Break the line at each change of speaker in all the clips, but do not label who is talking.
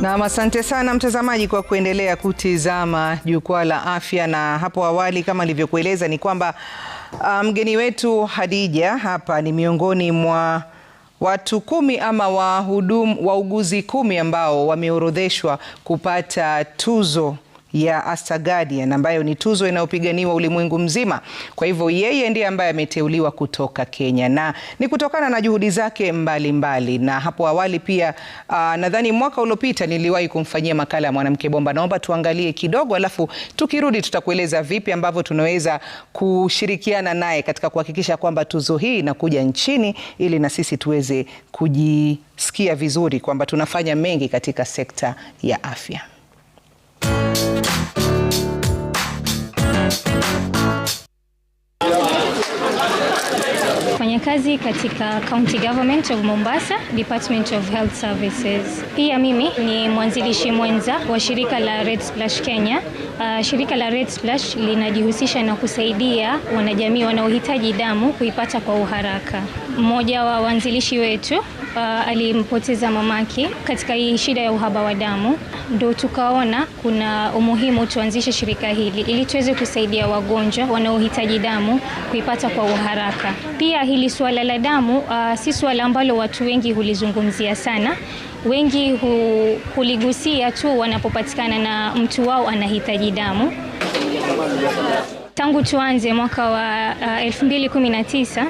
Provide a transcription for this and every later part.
Nam, asante sana mtazamaji kwa kuendelea kutizama jukwaa la afya. Na hapo awali kama alivyokueleza ni kwamba ah, mgeni um, wetu Hadija hapa ni miongoni mwa watu kumi ama wahudumu wauguzi kumi ambao wameorodheshwa kupata tuzo ya Asta Guardian ambayo ni tuzo inayopiganiwa ulimwengu mzima. Kwa hivyo yeye ndiye ambaye ameteuliwa kutoka Kenya na ni kutokana na juhudi zake mbalimbali mbali. Na hapo awali pia uh, nadhani mwaka uliopita niliwahi kumfanyia makala ya mwanamke bomba. Naomba tuangalie kidogo, alafu tukirudi tutakueleza vipi ambavyo tunaweza kushirikiana naye katika kuhakikisha kwamba tuzo hii inakuja nchini ili na sisi tuweze kujisikia vizuri kwamba tunafanya mengi katika sekta ya afya.
nafanya kazi katika County Government of Mombasa, Department of Health Services. Pia mimi ni mwanzilishi mwenza wa shirika la Red Splash Kenya. Uh, shirika la Red Splash linajihusisha na kusaidia wanajamii wanaohitaji damu kuipata kwa uharaka. Mmoja wa waanzilishi wetu uh, alimpoteza mamake katika hii shida ya uhaba wa damu, ndo tukaona kuna umuhimu tuanzishe shirika hili ili tuweze kusaidia wagonjwa wanaohitaji damu kuipata kwa uharaka. Pia hili suala la damu uh, si suala ambalo watu wengi hulizungumzia sana wengi hu, huligusia tu wanapopatikana na mtu wao anahitaji damu. Tangu tuanze mwaka wa uh, 2019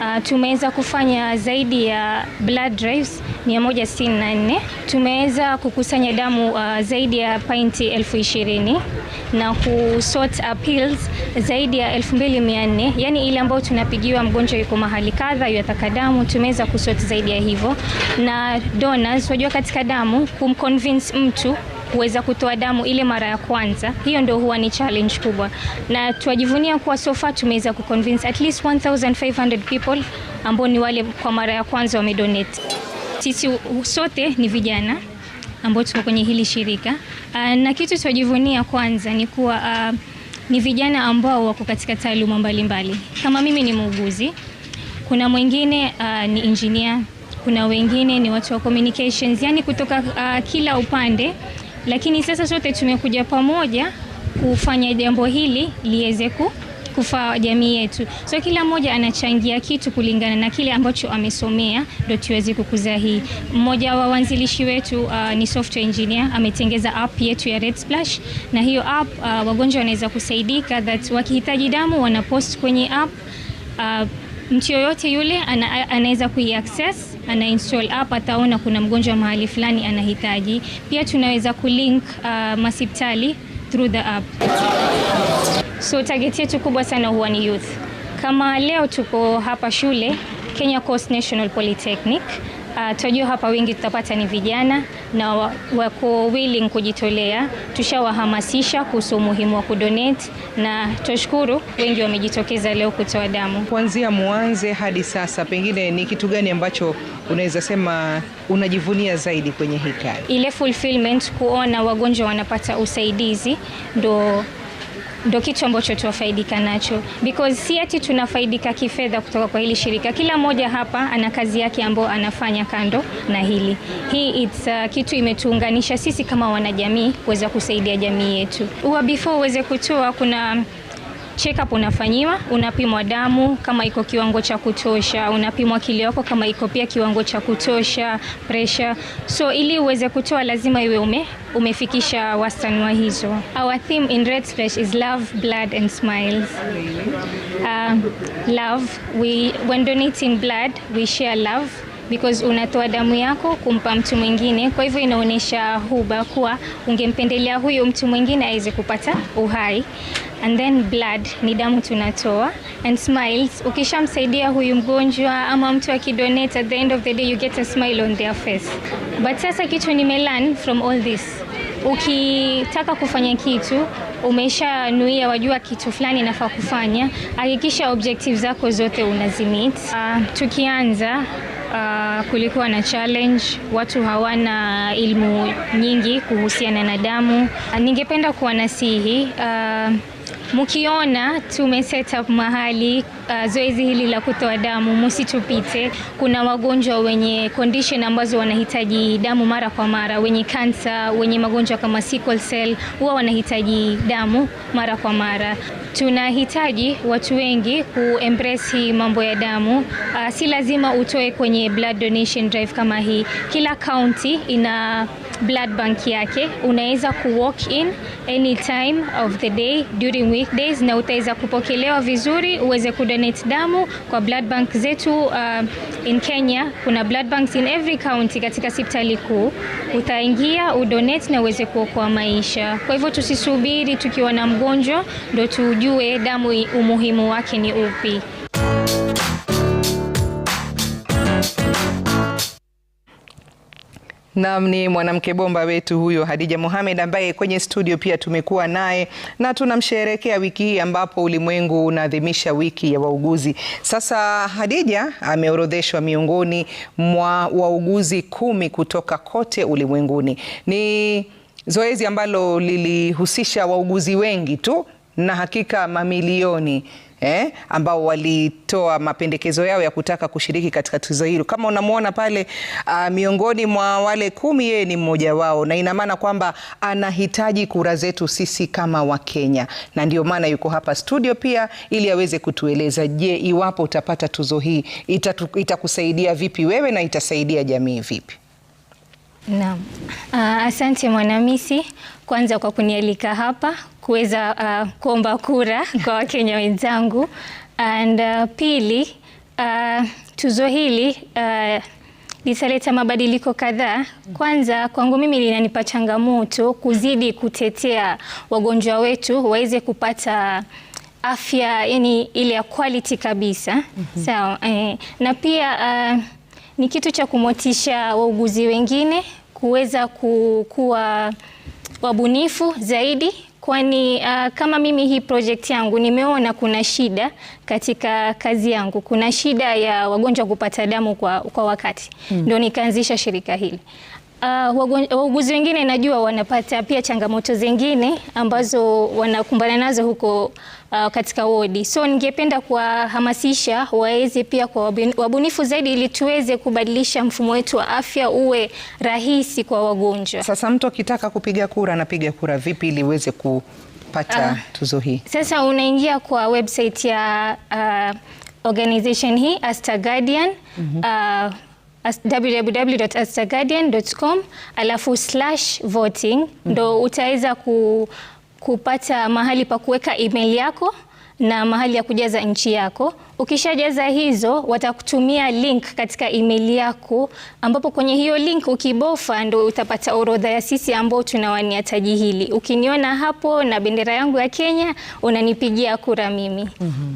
Uh, tumeweza kufanya zaidi ya blood drives 164. Tumeweza kukusanya damu uh, zaidi ya pint elfu ishirini na kusort appeals zaidi ya 2400, yani ile ambayo tunapigiwa mgonjwa yuko mahali kadha yataka damu, tumeweza kusort zaidi ya hivyo na donors. Wajua katika damu kumconvince mtu kuweza kutoa damu ile mara ya kwanza. Hiyo ndio huwa ni challenge kubwa, na tuwajivunia kuwa so far tumeweza kuconvince at least 1500 people ambao ni wale kwa mara ya kwanza wamedonate. Sisi sote ni vijana ambao tuko kwenye hili shirika uh, na kitu twajivunia kwanza ni kuwa uh, ni vijana ambao wako katika taaluma mbalimbali. Kama mimi ni muuguzi, kuna mwingine uh, ni engineer, kuna wengine ni watu wa communications, yani kutoka uh, kila upande lakini sasa sote tumekuja pamoja kufanya jambo hili liweze kufaa jamii yetu. So kila mmoja anachangia kitu kulingana na kile ambacho amesomea, ndio tuweze kukuza hii. Mmoja wa wanzilishi wetu uh, ni software engineer, ametengeza app yetu ya Red Splash, na hiyo app uh, wagonjwa wanaweza kusaidika that wakihitaji damu wana post kwenye app uh, mtu yoyote yule ana, anaweza kuiaccess ana install app, ataona kuna mgonjwa mahali fulani anahitaji. Pia tunaweza kulink uh, masiptali through the app. So target yetu kubwa sana huwa ni youth. Kama leo tuko hapa shule Kenya Coast National Polytechnic Uh, tunajua hapa wengi tutapata ni vijana na wako willing kujitolea. Tushawahamasisha kuhusu umuhimu wa kudonate na tushukuru wengi wamejitokeza leo kutoa damu.
Kuanzia mwanze hadi sasa, pengine ni kitu gani ambacho unaweza sema unajivunia zaidi kwenye hii kazi?
Ile fulfillment, kuona wagonjwa wanapata usaidizi ndo ndo kitu ambacho tuwafaidika nacho because si ati tunafaidika kifedha kutoka kwa hili shirika. Kila mmoja hapa ana kazi yake ambayo anafanya kando na hili. Hii it's uh, kitu imetuunganisha sisi kama wanajamii kuweza kusaidia jamii yetu. Huwa before uweze kutoa kuna check up unafanyiwa, unapimwa damu kama iko kiwango cha kutosha, unapimwa kile yako kama iko pia kiwango cha kutosha, pressure. So ili uweze kutoa lazima iwe ume umefikisha wastani wa hizo. Our theme in Red Splash is love, blood and smiles. Uh, love we when donating blood we share love because unatoa damu yako kumpa mtu mwingine. Kwa hivyo inaonyesha huba kuwa ungempendelea huyo mtu mwingine aweze kupata uhai. And then blood ni damu tunatoa, and smiles, ukishamsaidia huyu mgonjwa ama mtu akidonate, at the end of the day you get a smile on their face. But sasa kitu nimelearn from all this Ukitaka kufanya kitu umesha nuia, wajua kitu fulani nafaa kufanya, hakikisha objective zako zote unazimit. Uh, tukianza uh, kulikuwa na challenge, watu hawana ilmu nyingi kuhusiana na damu. Ah, ningependa nasihi uh, ah, Mkiona tume set up mahali uh, zoezi hili la kutoa damu msitupite. Kuna wagonjwa wenye condition ambazo wanahitaji damu mara kwa mara, wenye kansa, wenye magonjwa kama sickle cell huwa wanahitaji damu mara kwa mara. Tunahitaji watu wengi hii mambo ya damu. Uh, si lazima utoe kwenye blood donation drive kama hii. Kila county ina blood bank yake, unaweza ku walk in any time of the day during weekdays, na utaweza kupokelewa vizuri uweze donate damu kwa blood bank zetu. Uh, in Kenya kuna blood banks in every county katika hospitali kuu. Utaingia udonate na uweze kuokoa maisha. Kwa hivyo tusisubiri tukiwa na mgonjwa ndo tujue damu umuhimu wake ni upi.
Naam, ni mwanamke bomba wetu huyo hadija Mohamed ambaye kwenye studio pia tumekuwa naye na tunamsherehekea wiki hii ambapo ulimwengu unaadhimisha wiki ya wauguzi. Sasa hadija ameorodheshwa miongoni mwa wauguzi kumi kutoka kote ulimwenguni. Ni zoezi ambalo lilihusisha wauguzi wengi tu na hakika mamilioni eh, ambao walitoa mapendekezo yao ya kutaka kushiriki katika tuzo hilo. Kama unamwona pale uh, miongoni mwa wale kumi, yeye ni mmoja wao, na ina maana kwamba anahitaji kura zetu sisi kama Wakenya, na ndio maana yuko hapa studio pia ili aweze kutueleza, je, iwapo utapata tuzo hii itakusaidia ita vipi wewe na itasaidia jamii vipi?
Naam. Uh, asante Mwanamisi kwanza kwa kunialika hapa kuweza uh, kuomba kura kwa Wakenya wenzangu and uh, pili uh, tuzo hili uh, litaleta mabadiliko kadhaa. Kwanza kwangu mimi linanipa changamoto kuzidi kutetea wagonjwa wetu waweze kupata afya yani ile ya quality kabisa. mm -hmm. So, eh, na pia uh, ni kitu cha kumotisha wauguzi wengine kuweza kuwa wabunifu zaidi kwani uh, kama mimi hii project yangu nimeona kuna shida katika kazi yangu, kuna shida ya wagonjwa kupata damu kwa, kwa wakati mm. Ndio nikaanzisha shirika hili Uh, wauguzi wengine najua wanapata pia changamoto zingine ambazo wanakumbana nazo huko uh, katika wodi. So ningependa kuwahamasisha waweze pia kwa wabunifu zaidi ili tuweze kubadilisha mfumo wetu wa afya uwe rahisi kwa wagonjwa.
Sasa mtu akitaka kupiga kura anapiga kura vipi ili uweze kupata uh, tuzo hii?
Sasa unaingia kwa website ya uh, organization hii Asta Guardian mm -hmm. uh, www.astaguardian.com alafu slash voting mm -hmm. Ndo utaweza ku, kupata mahali pa kuweka email yako na mahali ya kujaza nchi yako. Ukishajaza hizo, watakutumia link katika email yako, ambapo kwenye hiyo link ukibofa, ndo utapata orodha ya sisi ambao tunawania taji hili. Ukiniona hapo na bendera yangu ya Kenya, unanipigia kura mimi. mm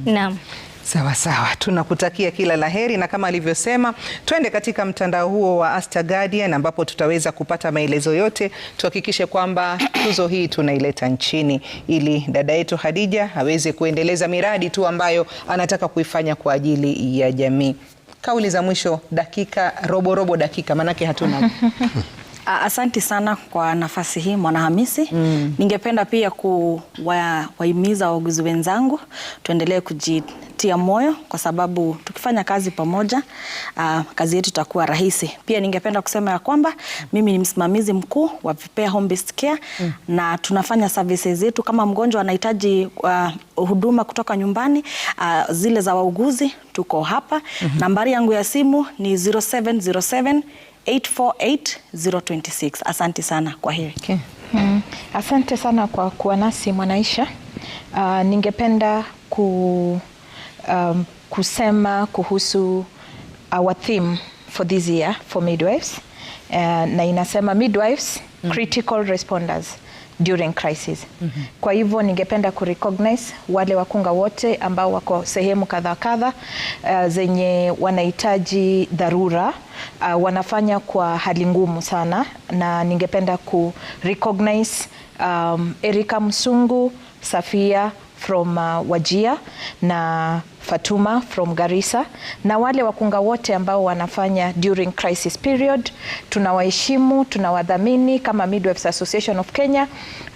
-hmm.
Naam. Sawa sawa, tunakutakia kila la heri, na kama alivyosema, twende katika mtandao huo wa Aster Guardian ambapo tutaweza kupata maelezo yote. Tuhakikishe kwamba tuzo hii tunaileta nchini ili dada yetu Khadija aweze kuendeleza miradi tu ambayo anataka kuifanya kwa ajili ya jamii. Kauli za mwisho, dakika robo robo dakika, maanake hatuna
Asante sana kwa nafasi hii Mwanahamisi. Mm. Ningependa pia kuwahimiza wauguzi wenzangu tuendelee kujitia moyo kwa sababu tukifanya kazi pamoja, uh, kazi yetu itakuwa rahisi. Pia ningependa kusema ya kwamba mimi ni msimamizi mkuu wa Vipea Home Based Care mm. na tunafanya services zetu kama mgonjwa anahitaji uh, huduma kutoka nyumbani uh, zile za wauguzi tuko hapa. Mm -hmm. Nambari yangu ya simu ni 0707 848 asante sana kwa hili okay.
mm. Asante sana kwa kuwa nasi Mwanaisha. Uh, ningependa ku, um, kusema kuhusu our theme for this year for midwives uh, na inasema midwives mm. critical responders during crisis. Mm -hmm. Kwa hivyo ningependa recognize wale wakunga wote ambao wako sehemu kadha kadha, uh, zenye wanahitaji dharura uh, wanafanya kwa hali ngumu sana, na ningependa recognize um, Erika Msungu, Safia from uh, Wajia na Fatuma from Garissa na wale wakunga wote ambao wanafanya during crisis period, tunawaheshimu, tunawadhamini. Kama Midwives Association of Kenya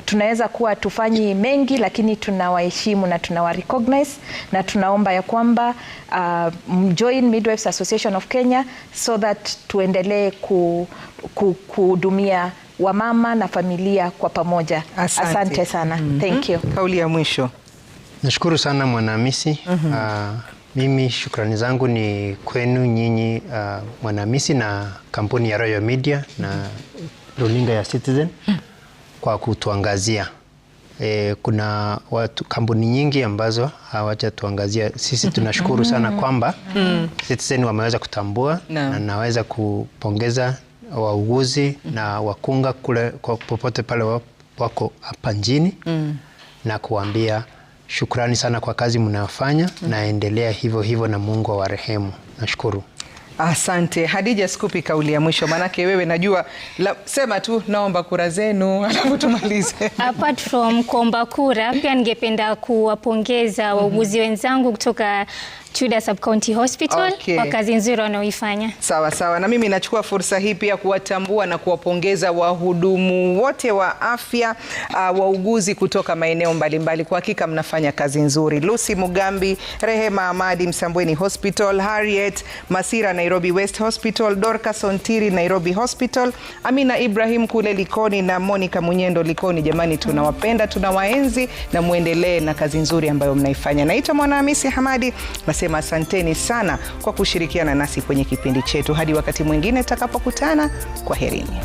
tunaweza kuwa tufanyi mengi, lakini tunawaheshimu na tunawarecognize na tunaomba ya kwamba uh, join Midwives Association of Kenya so that tuendelee kuhudumia ku, wamama na familia kwa pamoja. Asante, asante sana. mm -hmm. Thank you.
Kauli ya mwisho.
Nashukuru sana Mwanahamisi. mm -hmm. Uh, ah, mimi shukrani zangu ni kwenu nyinyi, uh, ah, Mwanahamisi na kampuni ya Royal Media na runinga ya Citizen kwa kutuangazia. E, kuna watu kampuni nyingi ambazo hawajatuangazia sisi. Tunashukuru mhm. sana kwamba mm Citizen wameweza kutambua no. na naweza kupongeza wauguzi na wakunga kule popote pale wako hapa nchini mm. na kuambia Shukrani sana kwa kazi mnayofanya mm. Naendelea hivyo hivyo na Mungu awarehemu. Nashukuru.
Asante Hadija, sikupi kauli ya mwisho, maanake wewe najua la, sema tu naomba kura zenu alafu
tumalize. Apart from kuomba kura, pia ningependa kuwapongeza wauguzi mm-hmm. wenzangu kutoka Chuda Sub-County Hospital okay, kwa kazi nzuri wanaoifanya.
Sawa sawa, na mimi nachukua fursa hii pia kuwatambua na kuwapongeza wahudumu wote wa afya uh, wauguzi kutoka maeneo mbalimbali, kwa hakika mnafanya kazi nzuri. Lucy Mugambi, Rehema Amadi Msambweni Hospital, Harriet Masira Nairobi West Hospital, Dorcas Ontiri Nairobi Hospital, Amina Ibrahim kule Likoni na Monica Munyendo Likoni. Jamani, tunawapenda tunawaenzi, na muendelee na kazi nzuri ambayo mnaifanya. Naitwa Mwanahamisi Hamadi tunasema asanteni sana kwa kushirikiana nasi kwenye kipindi chetu. Hadi wakati mwingine tutakapokutana, kwa herini.